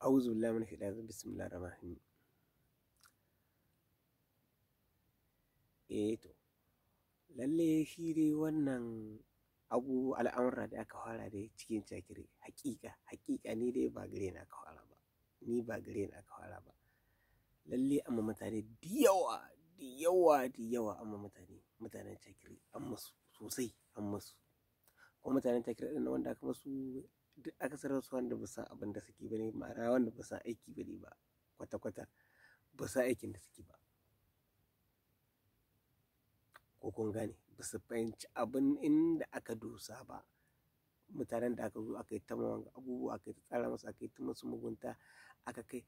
auzu billahi min shaitanir bismillahir rahmanir rahim eh to lalle shi dai wannan abu al'amura da aka fara dai cikin cakire hakika hakika ni dai ba gare na aka fara ba ni ba gare na aka fara ba lalle amma mutane diyawa, diyawa, diyawa. amma mutane mutanen cakire amma sosai amma su kuma mutanen takira ɗin wanda aka masu duk akasarar su wanda ba abin da suke bane ma'ana wanda ba aiki bane ba kwata-kwata ba aikin da suke ba ko kun gane ba fahimci abin inda aka dosa ba mutanen da aka zo aka yi ta abubuwa aka yi ta tsara masu aka yi ta masu mugunta aka kai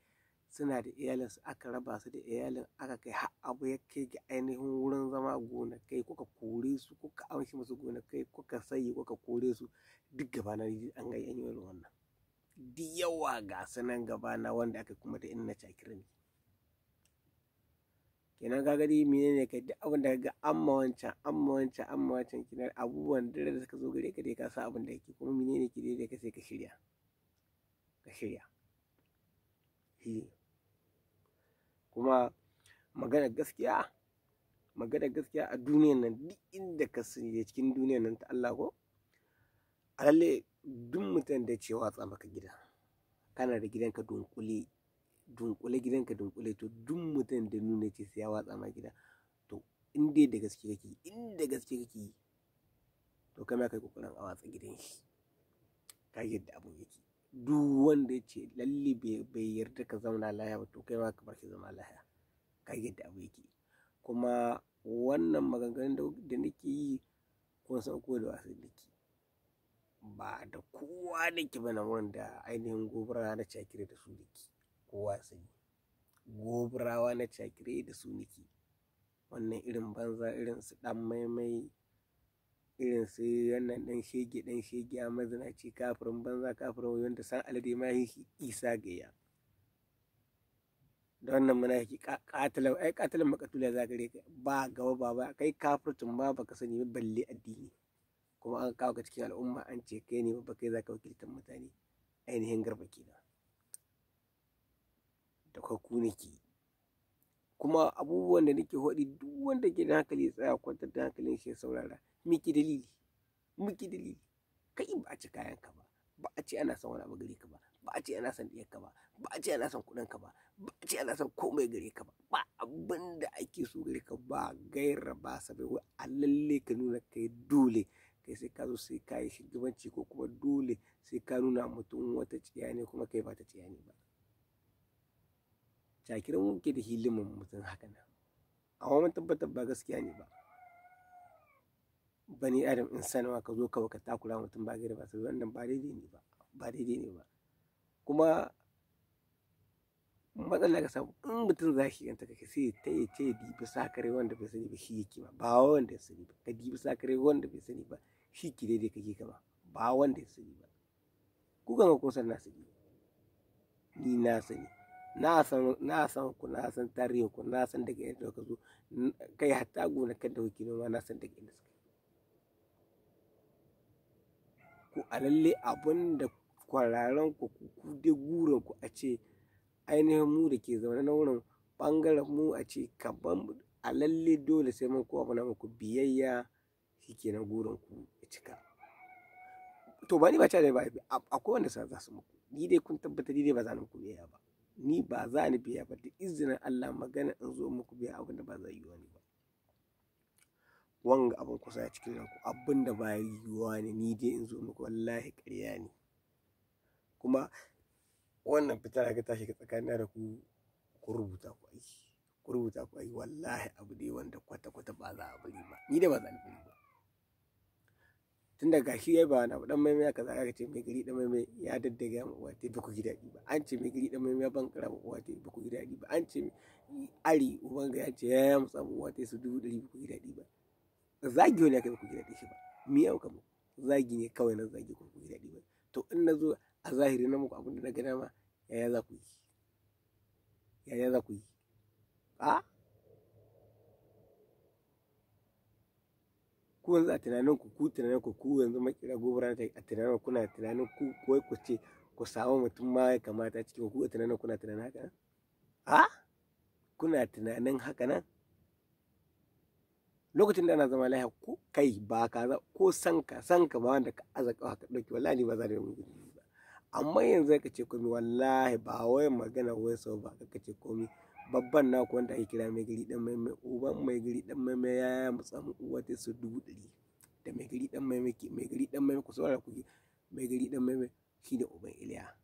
suna da su aka raba su da iyalin aka kai har abu ya kai ga ainihin wurin zama gonakai kuka kore su kuka amshi musu gonakai kuka sayi kuka kore su duk gaba na an ga yan yi wannan di yawa ga sanan gaba na wanda aka kuma da inna cakira ne kenan ga gari mene ne kai duk abin da ga amma wancan amma wancan amma wancan kenan abubuwan dare da suka zo gare ka dai ka sa abin da yake kuma mene ne ki dai da ka sai ka shirya ka shirya kuma magana gaskiya magana gaskiya a duniyan nan duk inda ka sanya cikin duniyan nan ta Allah ko a lalle duk mutum da cewa tsa maka gida kana da gidanka dunkule dunkule gidanka dunkule to duk mutum da nuna ce sai ya watsa maka gida to in da gaske kake in da gaske kake to kama kai kokarin a watsa gidan shi ka yadda abu yake duk wanda ya ce lalle bai yarda ka zauna lalaya ba to kai ma ka barki zama laya ka yadda abu yake kuma wannan maganganun da nake yi kun san ko da wasu nake ba da kowa nake ba na wanda ainihin gobara na cakire da su nake kowa gobarawa na cakire da su nake wannan irin banza irin su dan maimai irin su wannan dan shege dan shege a mazinaci kafirin banza kafirin wani da san alade ma yi isa gayya da wannan yake katilan ai katilan makatula za gare ka ba gaba ba ba kai kafirtun ba baka sani ba balle addini kuma an kawo ka cikin al'umma an ce kai ne ba kai za ka wakiltar mutane ainihin garba kenan da kwaku nake kuma abubuwan da nake hodi duk wanda ke da hankali tsaya kwantar da hankalin shi saurara miki dalili miki dalili kai ba a ci kayan ka ba ba a ce ana son wani abu gare ka ba ba a ce ana son ɗiyar ka ba ba a ce ana son kuɗin ka ba ba a ce ana son komai gare ka ba ba abin da ake so gare ka ba gaira ba sabai wai a lalle ka nuna kai dole kai sai ka zo sai ka yi shugabanci ko kuma dole sai ka nuna mutum wata ciya ne kuma kai ba ta ciya ne ba cakiran wuke da hilimin mutum haka nan a wani tabbatar ba gaskiya ne ba bani adam in ma ka zo ka baka takura mutum ba gaira ba sai wannan ba daidai ne ba ba daidai ne ba kuma matsala ka samu in mutum za shi ganta kake sai ta yi ce dibi sakare wanda bai sani ba shi yake ba ba wanda ya sani ba ka dibi sakare wanda bai sani ba shi ki daidai kake kama ba wanda ya sani ba ku ga kun san na sani ni na sani na san na san ku na san tarihin ku na san daga inda ka zo kai hatta gona kan da kuke ma na san daga inda suka ku a lalle abinda da kwararen ku ku dai ku a ce ainihin mu da ke zaune na wurin bangaren mu a ce kaban a lalle dole sai mun kowa muna muku biyayya na gurin ku ya cika to ba ni ba da ba akwai wanda sa za su muku ni dai kun tabbata ni dai ba za ni muku biyayya ba ni ba za ni biya ba da izinin Allah magana in zo muku biya abin da ba za yi wani ba wanga abin kusa a cikin ranku abin da ba yiwuwa ne ni dai in zo muku wallahi ƙarya ne kuma wannan fitar ga tashi ga tsakanin da ku ku rubuta ku aiki ku rubuta ku aiki wallahi abu dai wanda kwata kwata ba za a bari ba ni da ba za a bari ba tun daga shi ya ba na dan maimai aka zaka ce mai gari dan maimai ya daddaga mu uwa ba ku ji daɗi ba an ce mai gari dan maimai ya kara mu uwa ba ku ji daɗi ba an ce ari uban ga ya ce ya mutsa mu uwa su dubu ɗari ba ku ji daɗi ba zagi wani kai ku ji daɗi shi ba mi yau kamar zagi ne kawai na zagi ku ji daɗi ba to in na zo a zahiri na muku abinda na gana ma yaya za ku yi yaya za ku yi a ku yanzu a tunanin ku ku tunanin ku ku yanzu makira gobara ta a tunanin kuna tunanin ku kawai ku ce ku samu mutum ma ya kamata cikin ku a tunanin kuna tunanin haka a kuna tunanin haka nan lokacin da ana zama lahiya ko kai ba ka ko sanka sanka ba wanda ka aza ka haka dauki wallahi ni ba za da mu ba amma yanzu ka ce komai wallahi ba wai magana wai sau ba ka ce komai babban naku wanda ake kira mai gari dan mai mai uban mai gari dan mai mai yaya musamman uwa ta su dubu ɗari da mai gari dan mai mai mai gari dan mai ku saurara ku mai gari dan mai mai shine uban iliya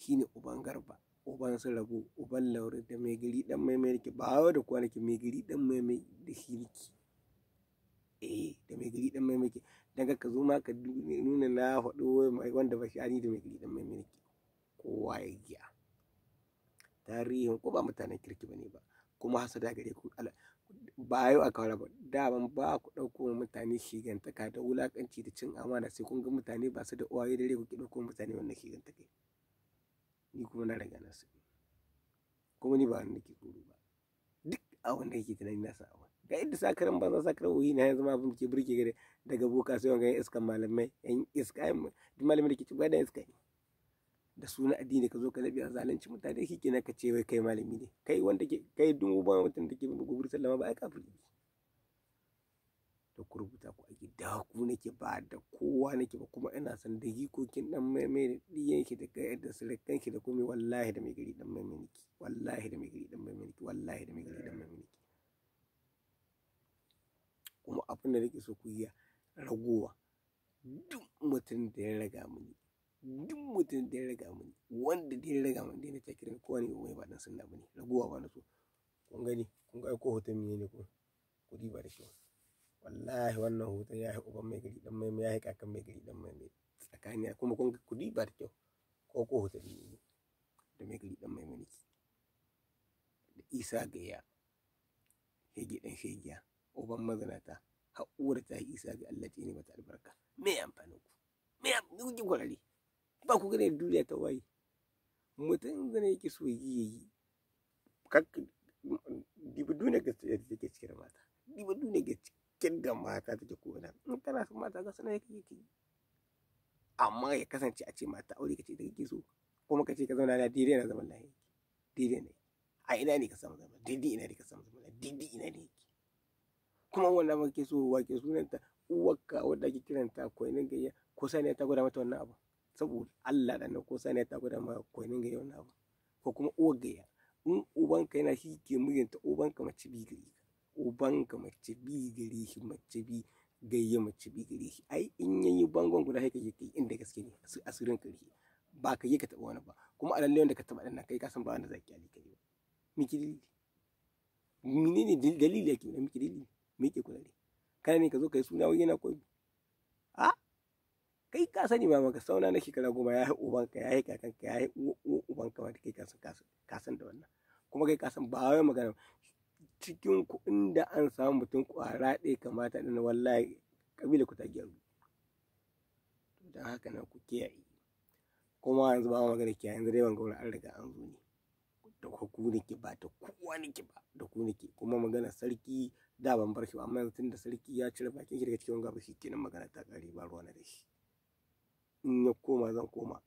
shine uban garba uban su rabu uban laure da mai gari dan mai mai ba wai da kwanaki mai gari dan mai mai da shi eh da mai gari dan mai muke dan ka zo ma ka nuna na faɗo wanda ba shi ani da mai gari dan mai muke kowa ya giya tarihin ko ba mutanen kirki bane ba kuma hasada gare ku ba yau aka fara ba daman ba ku ɗauko mutane shigantaka da wulakanci da cin amana sai kun ga mutane ba su da uwaye dare ku ki ɗauko mutane wannan shigantaka ni kuma na riga na su kuma ni ba wani nake tsoro ba duk abin da yake tunani na sa ga yadda sakaran banza sakaran wuyi na yanzu ma abin ke burge gare daga boka sai wanga yan iskan malamai yan iska yan malamai da ke cikin gwadon iska da suna addini ka zo ka labi a zalunci mutane shi kenan ka ce wai kai malami ne kai wanda ke kai dumu ba mutum da ke bin gubur sallama ba ai kafiri ne da ku rubuta ku a gida ku nake ba da kowa nake ba kuma ina son da gikokin dan maimai da diyan ki da kai da sirkan ki da kome wallahi da mai gari dan maimai wallahi da mai gari dan maimai wallahi da mai gari dan maimai kuma abin da nake so ku yi ragowa duk mutum da ya raga mini duk mutum da ya raga mini wanda da ya raga mini na takirin kowa ne mai ba dan sunna bane ragowa ba na so kun gani kun ga ko hoton mene ne ko kudi ba da shi wallahi wannan hoton ya yi uban mai gari dan mai ya yi kakan mai gari dan mai mai tsakani kuma kun ga kudi ba da kyau ko ko hoton mene ne da mai gari dan mai mai da isa gaya hege dan shegiya uban mazinata haƙuwar ta yi isa ga Allah ce ne mata albarka me amfanin ku me amfanin kwarare ba ku gane duniya ta waye mutum zane yake so yi yayi diba duniya ga da take cikin mata diba duniya ga cikin da mata take kowane in kana son mata ga sanar yake yake amma ya kasance a ce mata aure kace da kake so kuma kace ka zauna na dire na zaman lafiya dire ne a ina ne ka samu zaman daidai ina ne ka samu zaman daidai ina ne yake kuma wannan ba ke so wake sunanta uwarka wadda ake kiranta kwainin gayya ko saniya ta gwada mata wannan abu saboda Allah da nan ko saniya ta gwada mata kwainin gayya wannan abu ko kuma uwar gayya in ubanka yana shi ke mijinta ubanka mace bi gari ubanka mace bi gari shi mace bi gayya mace bi gari shi ai in yayi bangon guda sai kake kai inda gaske ne asirin kare ba ka yi ka taba wani ba kuma a lalle wanda ka taba dinnan kai ka san ba wanda zaki ali kai ba miki dalili menene dalili yake miki dalili miƙe kudare kana ne ka zo ka yi suna wai yana komi a kai ka sani ba maka sauna na shekara goma ya yi ka ya yi kakanka ya yi ka wanda kai ka san da wannan kuma kai ka san ba wai magana cikin ku inda an samu mutum kwara ɗaya kamata ɗin wallahi kabila ku ta gyaru don haka nan ku kiyaye kuma yanzu ba magana kiyaye yanzu dai ban gaura an riga an zo ne da ku nake ba da kowa nake ba da ku nake kuma magana sarki da ban bar shi ba amma yanzu tunda sarki ya cire bakin shi daga cikin gaba shi kenan magana ta kare ba ruwa na da shi in ya koma zan koma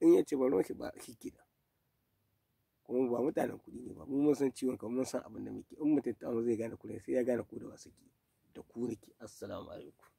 in ya ce ba ruwan shi ba shi da kuma ba mutanen kuɗi ne ba mu mun san ciwon kamar mun san abin da muke in mutum ta zai gane kuɗi sai ya gane ku da wasu ke da ku nake assalamu alaikum